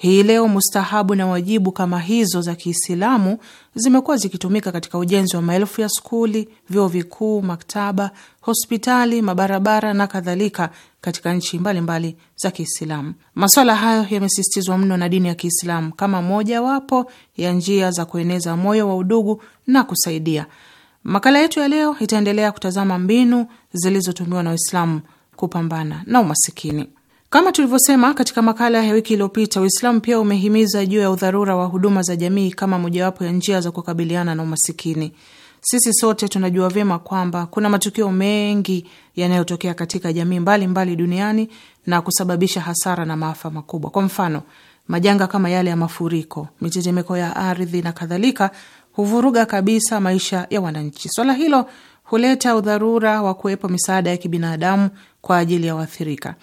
C: hii leo mustahabu na wajibu kama hizo za Kiislamu zimekuwa zikitumika katika ujenzi wa maelfu ya skuli, vyuo vikuu, maktaba, hospitali, mabarabara na kadhalika katika nchi mbalimbali mbali za Kiislamu. Maswala hayo yamesisitizwa mno na dini ya Kiislamu kama mojawapo ya njia za kueneza moyo wa udugu na kusaidia. Makala yetu ya leo itaendelea kutazama mbinu zilizotumiwa na Waislamu kupambana na umasikini. Kama tulivyosema katika makala ya wiki iliyopita, Uislamu pia umehimiza juu ya udharura wa huduma za jamii kama mojawapo ya njia za kukabiliana na umasikini. Sisi sote tunajua vyema kwamba kuna matukio mengi yanayotokea katika jamii mbalimbali mbali duniani na kusababisha hasara na maafa makubwa. Kwa mfano, majanga kama yale ya mafuriko, mitetemeko ya ardhi na kadhalika huvuruga kabisa maisha ya wananchi. Swala hilo huleta udharura wa kuwepo misaada ya kibinadamu kwa ajili ya waathirika.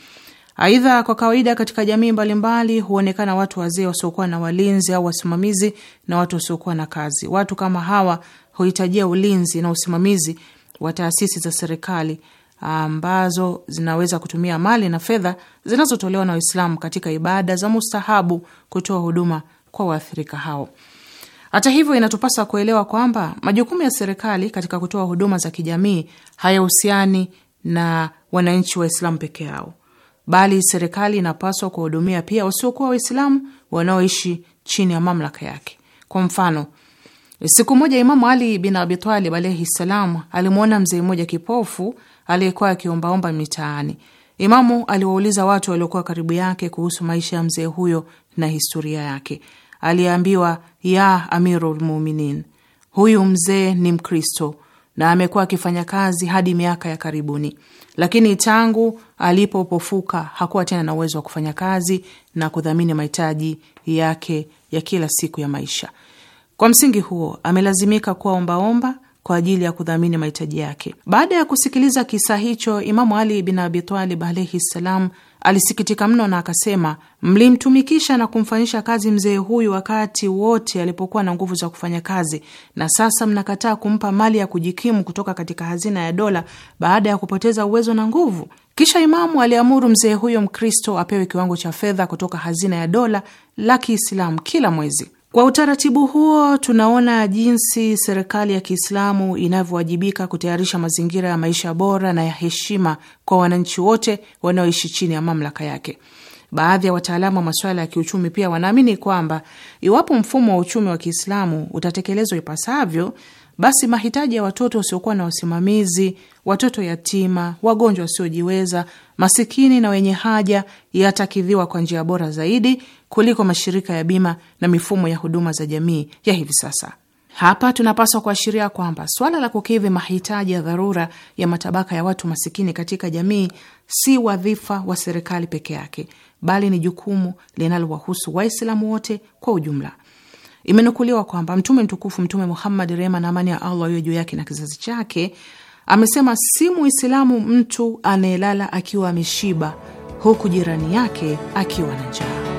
C: Aidha, kwa kawaida katika jamii mbalimbali huonekana watu wazee wasiokuwa na walinzi au wasimamizi na watu wasiokuwa na kazi. Watu kama hawa huhitajia ulinzi na usimamizi wa taasisi za serikali ambazo zinaweza kutumia mali na fedha zinazotolewa na Waislamu katika ibada za mustahabu kutoa huduma kwa waathirika hao. Hata hivyo, inatupasa kuelewa kwamba majukumu ya serikali katika kutoa huduma za kijamii hayahusiani na wananchi Waislamu peke yao bali serikali inapaswa kuwahudumia pia wasiokuwa Waislamu wanaoishi chini ya mamlaka yake. Kwa mfano, siku moja Imamu Ali bin Abitalib alaihi ssalam alimwona mzee mmoja kipofu aliyekuwa akiombaomba mitaani. Imamu aliwauliza watu waliokuwa karibu yake kuhusu maisha ya mzee huyo na historia yake. Aliambiwa, ya Amirul Muminin, huyu mzee ni Mkristo na amekuwa akifanya kazi hadi miaka ya karibuni lakini tangu alipopofuka hakuwa tena na uwezo wa kufanya kazi na kudhamini mahitaji yake ya kila siku ya maisha. Kwa msingi huo, amelazimika kuwa ombaomba kwa ajili ya kudhamini mahitaji yake. Baada ya kusikiliza kisa hicho, Imamu Ali bin Abitalib alaihi ssalam alisikitika mno na akasema, mlimtumikisha na kumfanyisha kazi mzee huyu wakati wote alipokuwa na nguvu za kufanya kazi, na sasa mnakataa kumpa mali ya kujikimu kutoka katika hazina ya dola baada ya kupoteza uwezo na nguvu. Kisha Imamu aliamuru mzee huyo Mkristo apewe kiwango cha fedha kutoka hazina ya dola la Kiislamu kila mwezi. Kwa utaratibu huo tunaona jinsi serikali ya Kiislamu inavyowajibika kutayarisha mazingira ya maisha bora na ya heshima kwa wananchi wote wanaoishi chini ya mamlaka yake. Baadhi ya wataalamu wa masuala ya kiuchumi pia wanaamini kwamba iwapo mfumo wa uchumi wa Kiislamu utatekelezwa ipasavyo, basi mahitaji ya watoto wasiokuwa na wasimamizi, watoto yatima, wagonjwa wasiojiweza, masikini na wenye haja yatakidhiwa kwa njia bora zaidi kuliko mashirika ya bima na mifumo ya huduma za jamii ya hivi sasa. Hapa tunapaswa kuashiria kwamba swala la kukidhi mahitaji ya dharura ya matabaka ya watu masikini katika jamii si wadhifa wa serikali peke yake, bali ni jukumu linalowahusu Waislamu wote kwa ujumla. Imenukuliwa kwamba mtume mtukufu Mtume Muhammad, rehma na amani ya Allah iwe juu yake na kizazi chake, amesema si Muislamu mtu anayelala akiwa ameshiba huku jirani yake akiwa na njaa.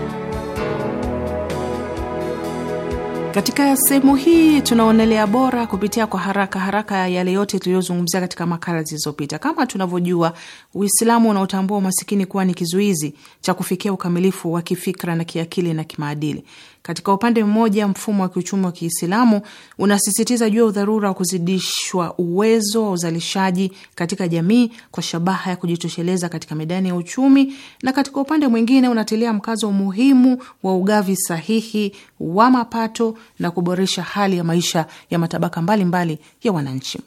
C: Katika sehemu hii tunaonelea bora kupitia kwa haraka haraka yale yote tuliyozungumzia katika makala zilizopita. Kama tunavyojua, Uislamu unaotambua umasikini kuwa ni kizuizi cha kufikia ukamilifu wa kifikra na kiakili na kimaadili. Katika upande mmoja, mfumo wa kiuchumi wa Kiislamu unasisitiza juu ya udharura wa kuzidishwa uwezo wa uzalishaji katika jamii kwa shabaha ya kujitosheleza katika medani ya uchumi, na katika upande mwingine unatilia mkazo umuhimu wa ugavi sahihi wa mapato na kuboresha hali ya maisha ya matabaka mbalimbali mbali ya wananchi.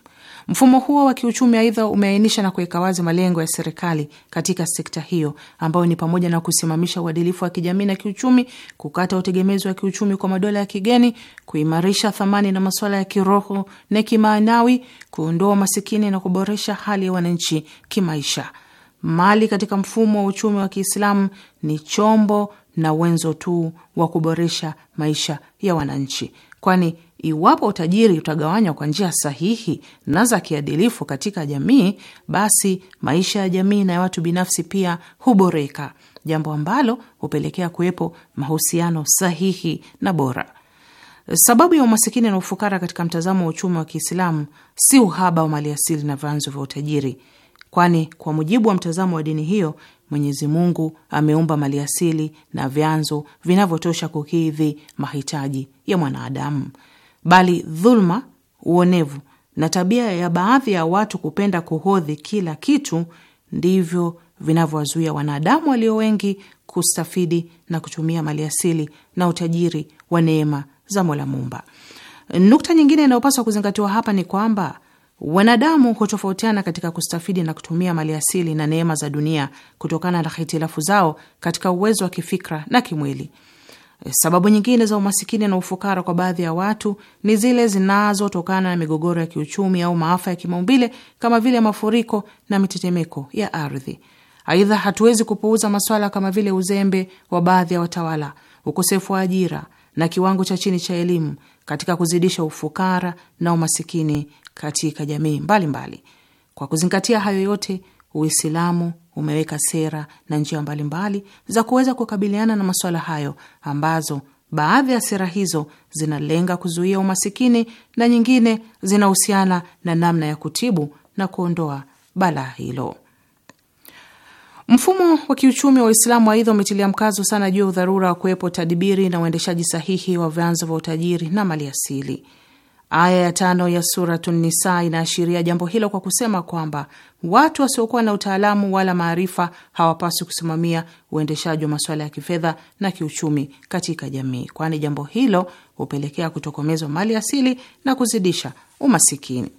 C: Mfumo huo wa kiuchumi aidha umeainisha na kuweka wazi malengo ya serikali katika sekta hiyo ambayo ni pamoja na kusimamisha uadilifu wa kijamii na kiuchumi, kukata utegemezi wa kiuchumi kwa madola ya kigeni, kuimarisha thamani na masuala ya kiroho na kimaanawi, kuondoa masikini na kuboresha hali ya wananchi kimaisha. Mali katika mfumo wa uchumi wa Kiislamu ni chombo na wenzo tu wa kuboresha maisha ya wananchi, kwani Iwapo utajiri utagawanywa kwa njia sahihi na za kiadilifu katika jamii, basi maisha ya jamii na ya watu binafsi pia huboreka, jambo ambalo hupelekea kuwepo mahusiano sahihi na bora. Sababu ya umasikini na ufukara katika mtazamo wa uchumi wa Kiislamu si uhaba wa maliasili na vyanzo vya utajiri, kwani kwa mujibu wa mtazamo wa dini hiyo Mwenyezi Mungu ameumba maliasili na vyanzo vinavyotosha kukidhi mahitaji ya mwanadamu bali dhuluma, uonevu na tabia ya baadhi ya watu kupenda kuhodhi kila kitu ndivyo vinavyowazuia wanadamu walio wengi kustafidi na kutumia maliasili na utajiri wa neema za Mola Mumba. Nukta nyingine inayopaswa kuzingatiwa hapa ni kwamba wanadamu hutofautiana katika kustafidi na kutumia maliasili na neema za dunia kutokana na hitilafu zao katika uwezo wa kifikra na kimwili. Eh, sababu nyingine za umasikini na ufukara kwa baadhi ya watu ni zile zinazotokana na migogoro ya kiuchumi au maafa ya kimaumbile kama vile mafuriko na mitetemeko ya ardhi. Aidha, hatuwezi kupuuza maswala kama vile uzembe wa baadhi ya watawala, ukosefu wa ajira na kiwango cha chini cha elimu katika kuzidisha ufukara na umasikini katika jamii mbalimbali mbali. Kwa kuzingatia hayo yote, Uislamu umeweka sera na njia mbalimbali za kuweza kukabiliana na masuala hayo ambazo baadhi ya sera hizo zinalenga kuzuia umasikini na nyingine zinahusiana na namna ya kutibu na kuondoa balaa hilo. Mfumo wa kiuchumi wa Uislamu aidha umetilia mkazo sana juu ya udharura wa kuwepo tadibiri na uendeshaji sahihi wa vyanzo vya utajiri na maliasili. Aya ya tano ya Suratu Nisa inaashiria jambo hilo kwa kusema kwamba watu wasiokuwa na utaalamu wala maarifa hawapaswi kusimamia uendeshaji wa masuala ya kifedha na kiuchumi katika jamii, kwani jambo hilo hupelekea kutokomezwa mali asili na kuzidisha umasikini.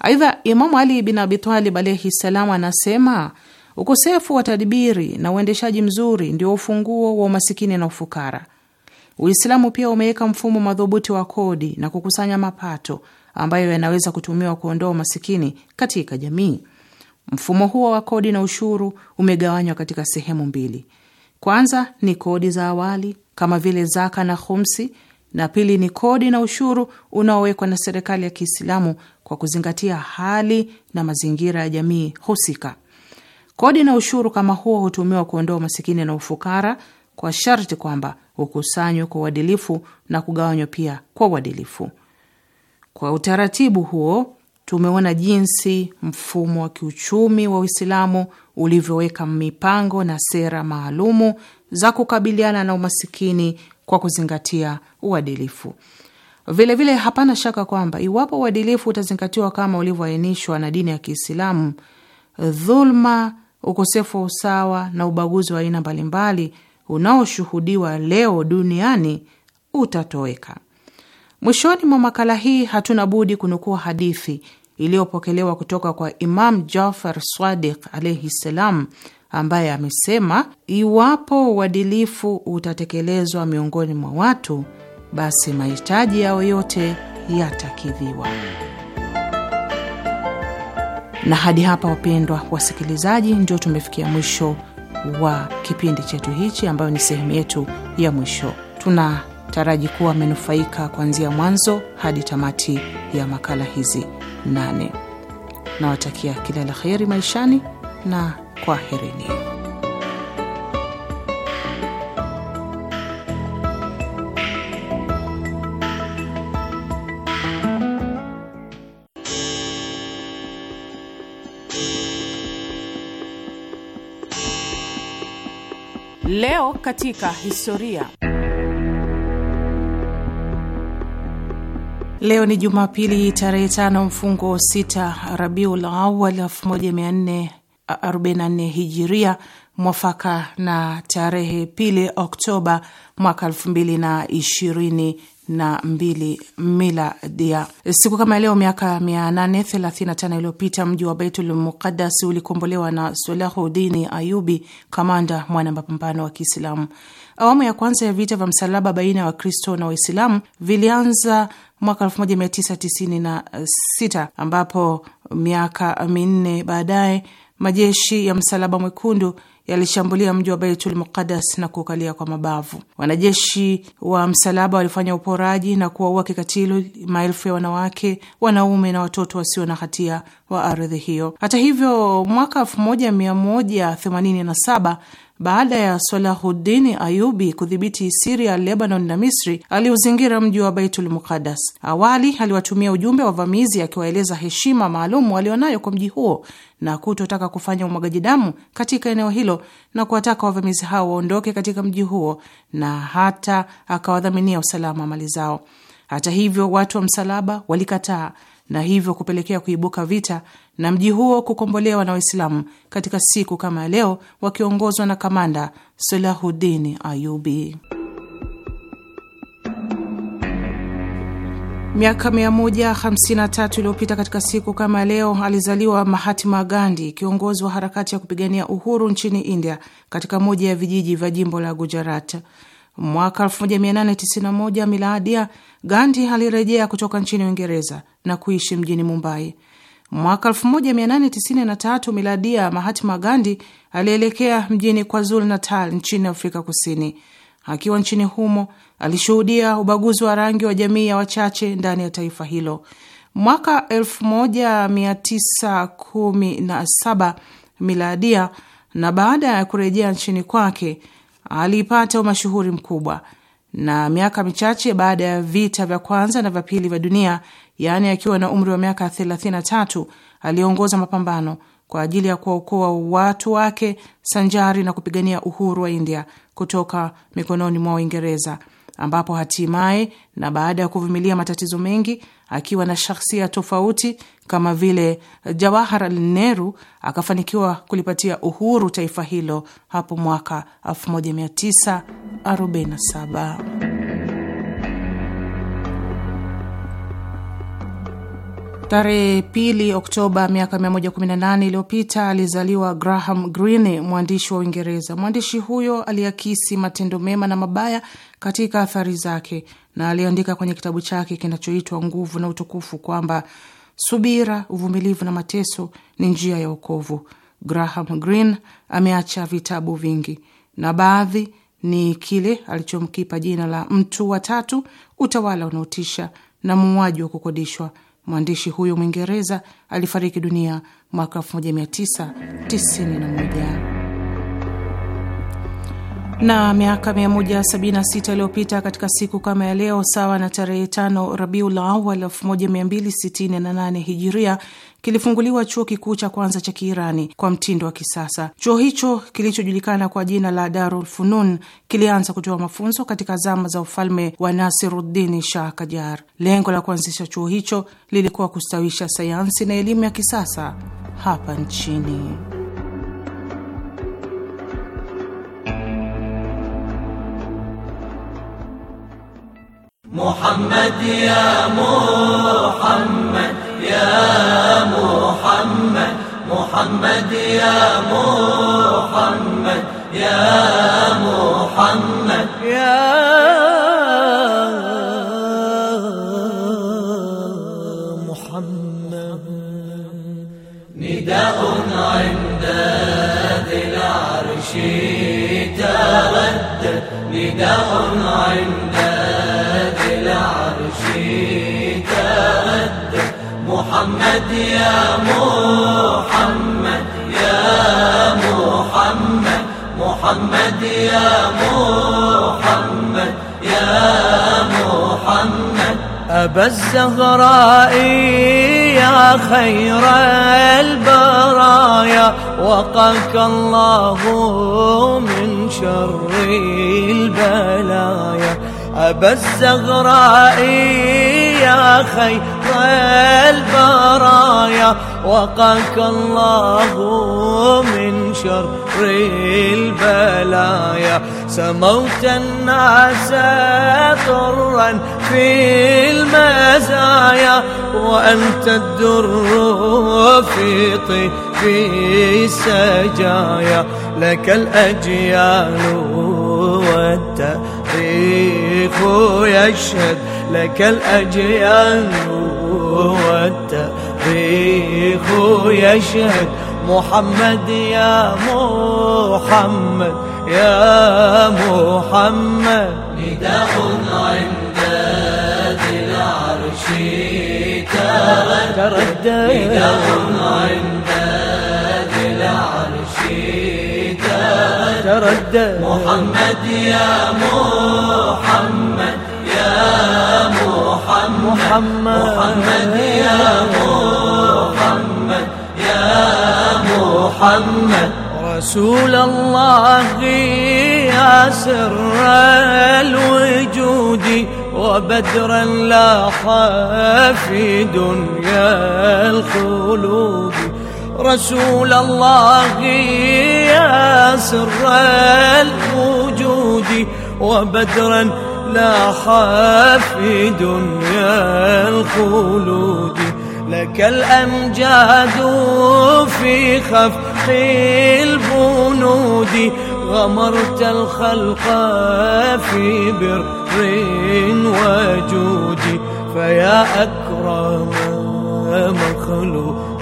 C: Aidha, Imamu Ali bin Abitalib alaihi ssalam anasema ukosefu wa tadibiri na uendeshaji mzuri ndio ufunguo wa umasikini na ufukara. Uislamu pia umeweka mfumo madhubuti wa kodi na kukusanya mapato ambayo yanaweza kutumiwa kuondoa umasikini katika jamii. Mfumo huo wa kodi na ushuru umegawanywa katika sehemu mbili. Kwanza ni kodi za awali kama vile zaka na khumsi, na pili ni kodi na ushuru unaowekwa na serikali ya Kiislamu kwa kuzingatia hali na mazingira ya jamii husika. Kodi na ushuru kama huo hutumiwa kuondoa umasikini na ufukara kwa sharti kwamba hukusanywa kwa uadilifu na kugawanywa pia kwa uadilifu. Kwa utaratibu huo tumeona jinsi mfumo wa kiuchumi wa Uislamu ulivyoweka mipango na sera maalumu za kukabiliana na umasikini kwa kuzingatia uadilifu. Vilevile vile, hapana shaka kwamba iwapo uadilifu utazingatiwa kama ulivyoainishwa na dini ya Kiislamu, dhulma, ukosefu wa usawa na ubaguzi wa aina mbalimbali unaoshuhudiwa leo duniani utatoweka. Mwishoni mwa makala hii hatuna budi kunukua hadithi iliyopokelewa kutoka kwa Imam Jafar swadik alaihi ssalam, ambaye amesema iwapo uadilifu utatekelezwa miongoni mwa watu, basi mahitaji yao yote yatakidhiwa. Na hadi hapa, wapendwa wasikilizaji, ndio tumefikia mwisho wa kipindi chetu hichi, ambayo ni sehemu yetu ya mwisho. Tunataraji kuwa amenufaika kuanzia mwanzo hadi tamati ya makala hizi nane. Nawatakia kila la kheri maishani na kwaherini. Leo katika historia. Leo ni Jumapili tarehe tano mfungo sita Rabiul Awal 1444 Hijiria, mwafaka na tarehe pili Oktoba mwaka elfu mbili na ishirini na mbili miladia. Siku kama leo miaka 835 iliyopita mji wa Baitul Muqaddas ulikombolewa na Salahudini Ayubi, kamanda mwana mapambano wa Kiislamu. Awamu ya kwanza ya vita vya msalaba baina ya Wakristo na Waislamu vilianza mwaka sita ambapo miaka minne baadaye majeshi ya Msalaba Mwekundu yalishambulia mji wa Baitul Muqaddas na kuukalia kwa mabavu. Wanajeshi wa msalaba walifanya uporaji na kuwaua kikatili maelfu ya wanawake, wanaume na watoto wasio na hatia wa ardhi hiyo. Hata hivyo, mwaka 1187 baada ya Salahuddin Ayubi kudhibiti Siria, Lebanon na Misri, aliuzingira mji wa Baitul Muqaddas. Awali aliwatumia ujumbe wavamizi akiwaeleza heshima maalum walionayo kwa mji huo na kutotaka kufanya umwagaji damu katika eneo hilo na kuwataka wavamizi hao waondoke katika mji huo na hata akawadhaminia usalama mali zao. Hata hivyo, watu wa msalaba walikataa na hivyo kupelekea kuibuka vita na mji huo kukombolewa na Waislamu katika siku kama ya leo wakiongozwa na kamanda salahudin Ayubi. Miaka 153 iliyopita katika siku kama ya leo alizaliwa Mahatma Gandhi, kiongozi wa harakati ya kupigania uhuru nchini India, katika moja ya vijiji vya jimbo la Gujarat. Mwaka 1891 miladia, Gandhi alirejea kutoka nchini Uingereza na kuishi mjini Mumbai. Mwaka 1893 miladia, Mahatma Gandhi alielekea mjini KwaZulu Natal nchini Afrika Kusini. Akiwa nchini humo, alishuhudia ubaguzi wa rangi wa jamii ya wachache ndani ya taifa hilo. Mwaka 1917 miladia, na baada ya kurejea nchini kwake aliipata umashuhuri mkubwa, na miaka michache baada ya vita vya kwanza na vya pili vya dunia, yaani akiwa na umri wa miaka 33, aliongoza mapambano kwa ajili ya kuwaokoa watu wake sanjari na kupigania uhuru wa India kutoka mikononi mwa Uingereza, ambapo hatimaye na baada ya kuvumilia matatizo mengi, akiwa na shahsia tofauti kama vile Jawaharlal Nehru akafanikiwa kulipatia uhuru taifa hilo hapo mwaka 1947. Tarehe pili Oktoba miaka 118 iliyopita alizaliwa Graham Greene, mwandishi wa Uingereza. Mwandishi huyo aliakisi matendo mema na mabaya katika athari zake, na aliandika kwenye kitabu chake kinachoitwa Nguvu na Utukufu kwamba Subira, uvumilivu na mateso ni njia ya wokovu. Graham Greene ameacha vitabu vingi na baadhi ni kile alichomkipa jina la Mtu wa Tatu, Utawala Unaotisha na Muuaji wa Kukodishwa. Mwandishi huyo Mwingereza alifariki dunia mwaka 1991 na miaka 176 iliyopita katika siku kama ya leo, sawa na tarehe tano Rabiul Awal 1268 Hijiria, kilifunguliwa chuo kikuu cha kwanza cha Kiirani kwa mtindo wa kisasa. Chuo hicho kilichojulikana kwa jina la Darul Funun kilianza kutoa mafunzo katika zama za ufalme wa Nasiruddin Shah Kajar. Lengo la kuanzisha chuo hicho lilikuwa kustawisha sayansi na elimu ya kisasa hapa nchini.
D: محمد يا محمد يا محمد محمد يا محمد يا محمد يا محمد نداء عند ذي العرش تردد نداء عند محمد يا محمد يا محمد محمد يا محمد يا محمد أبا الزهراء يا خير البرايا وقاك الله من شر البلايا أبا الزهراء يا خير البرايا وقاك الله من شر البلايا سموت الناس ضرا في المزايا وأنت الدر في طيف السجايا لك الأجيال والتاريخ يشهد لك الأجيال والتاريخ يشهد محمد يا محمد يا محمد نداء عند ذي العرش تردد نداء عند ذي العرش تردد محمد يا محمد محمد محمد يا محمد يا محمد رسول الله يا سر الوجود وبدرا لاح في دنيا الخلود رسول الله يا سر الوجود وبدرا ملاح في دنيا الخلود لك الأمجاد في خفق البنود غمرت الخلق في بر وجود فيا أكرم مخلوق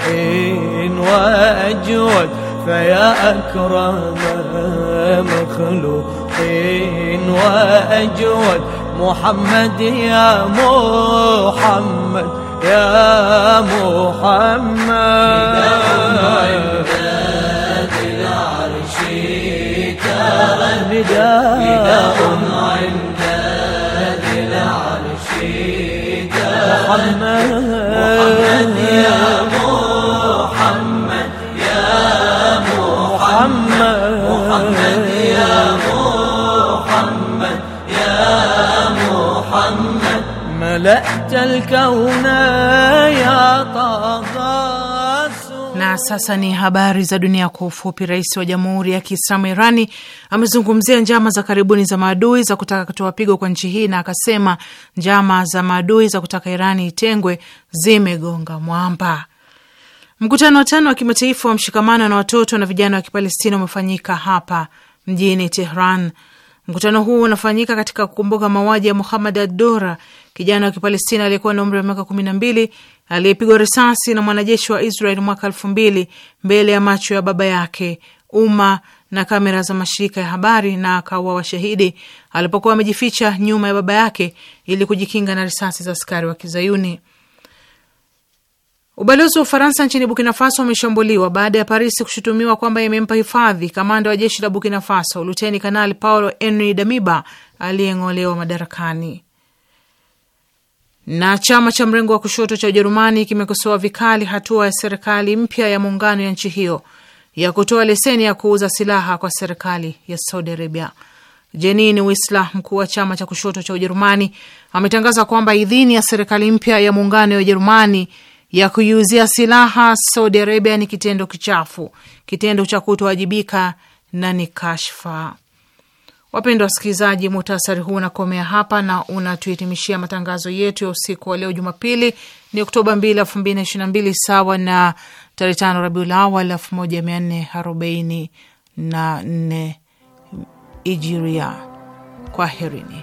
D: وأجود فيا أكرم مخلوقين وأجود محمد يا محمد يا محمد نداء عند ذي العرش محمد محمد يا محمد
C: ملأت الكون يا طغى Na sasa ni habari za dunia kwa ufupi. Rais wa Jamhuri ya Kiislamu Irani amezungumzia njama za karibuni za maadui za kutaka kutoa pigo kwa nchi hii, na akasema njama za maadui za kutaka Irani itengwe zimegonga mwamba. Mkutano wa tano wa kimataifa wa mshikamano na watoto na vijana wa Kipalestina umefanyika hapa mjini Tehran. Mkutano huu unafanyika katika kukumbuka mauaji ya Muhamad Adora, kijana wa Kipalestina aliyekuwa na umri wa miaka kumi na mbili aliyepigwa risasi na mwanajeshi wa Israel mwaka elfu mbili mbele ya macho ya baba yake, umma na kamera za mashirika ya habari, na akawa washahidi alipokuwa amejificha nyuma ya baba yake ili kujikinga na risasi za askari wa Kizayuni. Ubalozi wa Ufaransa nchini Burkina Faso umeshambuliwa baada ya Paris kushutumiwa kwamba imempa hifadhi kamanda wa jeshi la Burkina Faso Luteni Kanali Paulo Henri Damiba aliyeng'olewa madarakani. Na chama cha mrengo wa kushoto cha Ujerumani kimekosoa vikali hatua ya serikali mpya ya muungano ya nchi hiyo ya kutoa leseni ya kuuza silaha kwa serikali ya Saudi Arabia. Jenin Wisla, mkuu wa chama cha kushoto cha Ujerumani, ametangaza kwamba idhini ya serikali mpya ya muungano ya Ujerumani ya kuiuzia silaha Saudi Arabia ni kitendo kichafu, kitendo cha kutowajibika na ni kashfa. Wapendwa wasikilizaji, muhtasari huu unakomea hapa na unatuhitimishia matangazo yetu ya usiku wa leo Jumapili ni Oktoba 2, 2022 sawa na tarehe 5 Rabiul Awal 1444 Ijiria. Kwaherini.